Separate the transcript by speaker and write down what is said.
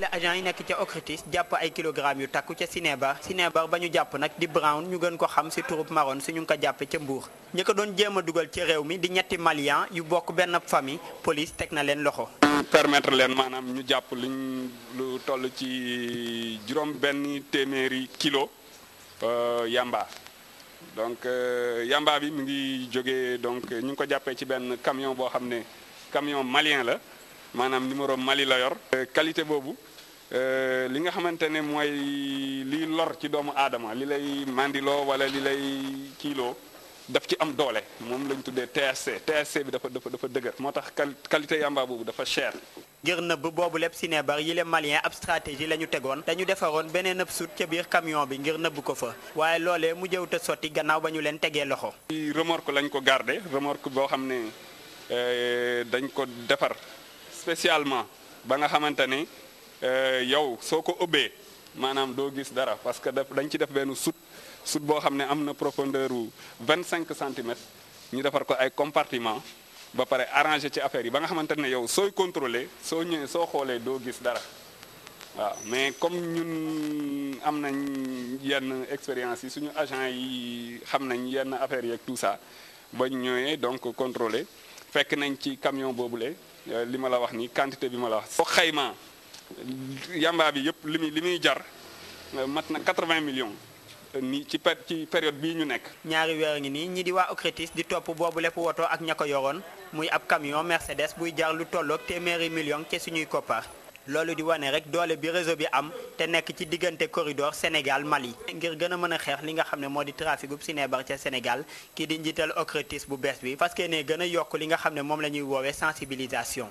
Speaker 1: la agent yi nekk ca Ocritis jàpp ay kilogramme yu takku ca Sinébar Sinébar ba ñu jàpp nag di Brown ñu gën ko xam si turub maroon si ñu ngi ko jàppe ca Mbour ñi ko doon jéem a dugal ci réew mi di ñetti Malien yu bokk benn famille police teg na leen loxo permettre
Speaker 2: leen maanaam ñu jàpp luñ lu toll ci juróom benn téeméeri kilo euh, yamba donc euh, yamba bi mu ngi jógee donc ñu ngi ko jàppee ci benn camion boo xam ne camion malien la maanaam numéro Mali la yor euh, qualité boobu euh, li nga xamante ne mooy liy lor ci doomu aadama li lay mandiloo wala li lay kiilo daf ci am doole moom lañ tuddee TSC TSC bi dafa dafa dafa dëgër moo tax qualité yamba boobu dafa cher.
Speaker 1: ngir nëbb boobu lépp si ne bar yi le malien ab stratégie la ñu tegoon dañu defaroon beneen ab sut ca biir camion bi ngir nëbb ko fa waaye loolee mu jëw te sotti gannaaw ba ñu leen tegee loxo.
Speaker 2: remorque lañ ko garder remorque boo xam ne euh, dañ ko defar. spécialement ba nga xamante ni euh, yow soo ko ubbee dara parce que dañ ci def benn sut sut boo xam profondeur 25 cm, ñu défar ko ay compartiment ba paré arranger ci affaire yi ba nga xamante yow soy contrôlé so ñëwee so xolé do gis dara wa mais comme ñun amna nañ yenn expérience yi suñu agent yi xam nañ yenn affaires ak tout ça ba ñëwee donc contrôlé fekk nañ ci camion bobulé Euh, li ma la wax ni quantité bi ma la wax. soo xaymaa yamba bi yëpp li muy li muy jar euh, mat na 80 million euh, ni ci per ci période bii ñu nekk.
Speaker 1: ñaari weer ngi nii ñi di waa Ocretis di topp boobu lépp woto ak ña ko yoroon muy ab camion Mercedes buy jar lu tolloog téeméeri million ci ñuy koppar. lolu di wane rek doole bi réseau bi am te nekk ci diggante corridor Sénégal Mali. ngir gën a mën a xeex li nga xam ne moo di trafic bu sinébar ca Sénégal kii di njiital OCRTIS bu bees bi parce que ne gën a yokk li nga xam ne moom la ñuy woowee sensibilisation.